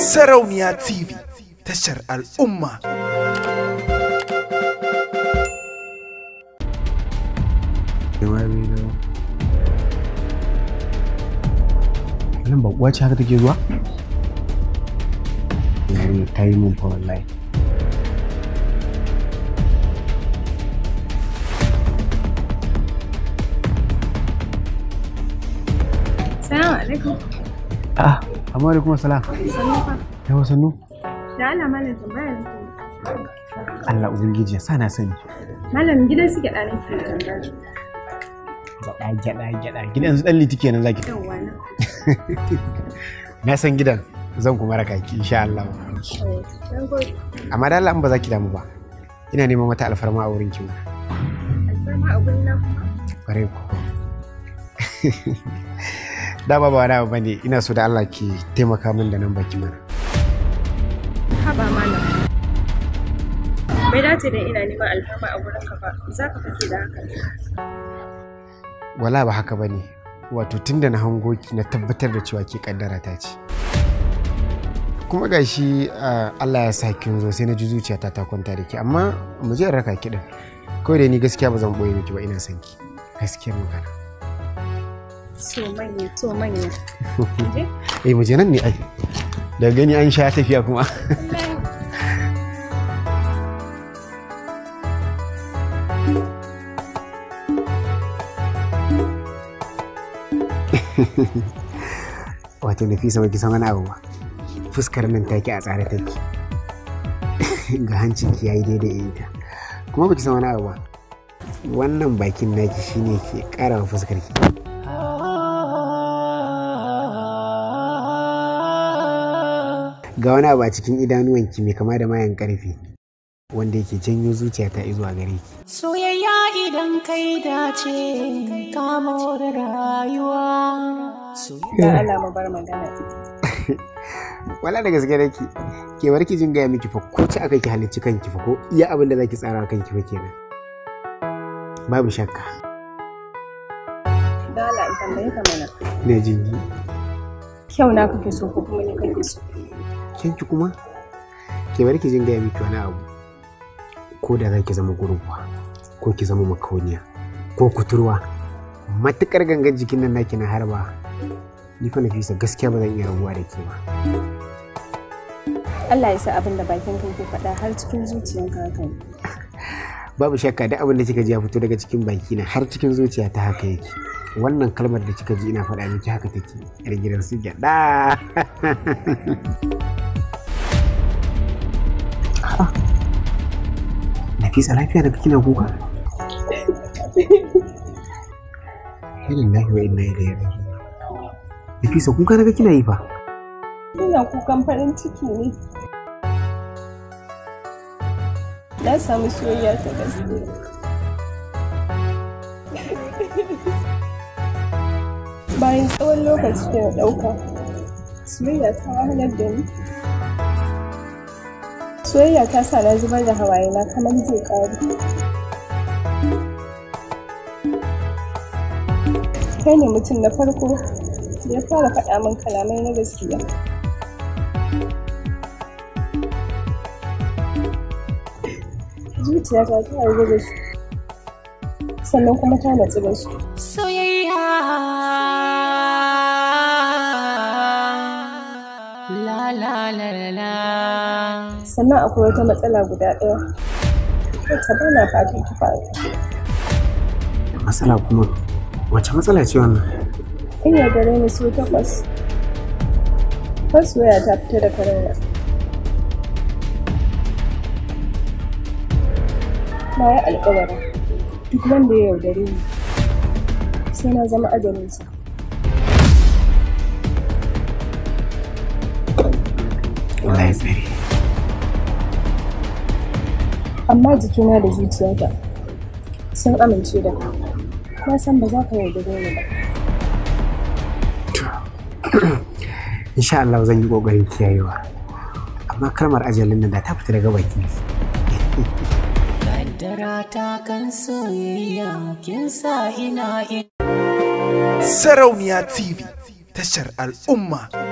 Sarauniya TV tashar al'umma. Nan bakuwa ce haka take zuwa? Yarinya ta yi mun fa wallahi. Salamu alaikum. Ah, Amma da kuma salam. Yawa sannu. Da Allah malam tambaya ne. Allah Ubangiji ya sa na sani. Malam gidan su gyaɗa ne ke tambaya. Gyaɗa gyaɗa gyaɗa gidan su ɗan liti kenan zaki. Yawwa na. Na san gidan zan kuma raka ki insha Allah. Amma da Allah in ba za ki damu ba. Ina neman wata alfarma a wurin ki. Alfarma a wurin na kuma? ku. dama ba wani ba ne ina so da Allah ke taimaka min da nan baki mana haba malam bai dace da ina neman alfama a wurin ka ba za ka fake da haka wala ba haka bane wato tunda na hango ki na tabbatar da cewa ke kaddara ta ce kuma gashi Allah ya sa kin zo sai na ji zuciyata ta kwanta da ki amma mu je raka ki din kawai da ni gaskiya ba zan boye miki ba ina son ki gaskiyar magana so manya so manya eh nan ne ai Da gani an sha tafiya kuma wato fisa baki san wani abu ba fuskar nan take a tsare take ga hancin ki yayi daidai ita kuma baki san wani abu ba wannan bakin naki shine ke karawa fuskar ki ga wani abu a cikin idanuwanki mai kama da mayan karfe wanda yake janyo zuciya ta zuwa gare ki soyayya idan kai dace ka more rayuwa soyayya alama bar magana wala da gaske nake ke bar ki jin gaya miki fa ko ci aka ki halicci kanki fa ko iya abin da zaki tsara kanki fa kenan babu shakka dala idan bai ka mana ne jingi kyau na kake so ko kuma ne kake so kenki kuma ke bari ki jin gaya miki wani abu ko da za ki zama gurguwa ko ki zama makauniya ko kuturwa matukar gangan jikin nan naki na harba ni fa nafisa gaskiya ba zan iya rabuwa da ke ba Allah ya sa abin da bakin kan ke faɗa har cikin zuciyanka haka babu shakka da abin da kika ji ya fito daga cikin baki na har cikin zuciya ta haka yake wannan kalmar da kika ji ina faɗa miki haka take yar gidan su gyaɗa kuka nafisa lafiya daga kina kuka lillahi wa inna ilaihi raji'un nafisa kuka daga kina yi fa ina kukan farin ciki ne na samu soyayya ta gaske bayan tsawon lokaci da ɗauka soyayya ta wahalar da ni soyayya ta sa na zubar da hawaye na kamar zai ƙare kai ne mutum na farko da ya fara faɗa min kalamai na gaskiya zuciya ta ta da su sannan kuma ta natsu da su soyayya sannan akwai wata matsala guda ɗaya wacce ba na fatan ta faru matsala kuma Wacce matsala ce wannan ina gare ni so takwas faswaya ta fita da karewa na yi alkawara duk wanda ya yaudare ni sai na zama ajalinsa Life tsari amma jikina da zuciyata sun amince da ka na san ba za ka yarda da ni ba insha Allah zan yi kokarin kiyayewa amma kalmar ajalin nan da ta fita daga baki kaddara soyayya kin sa ina sarauniya tv tashar al'umma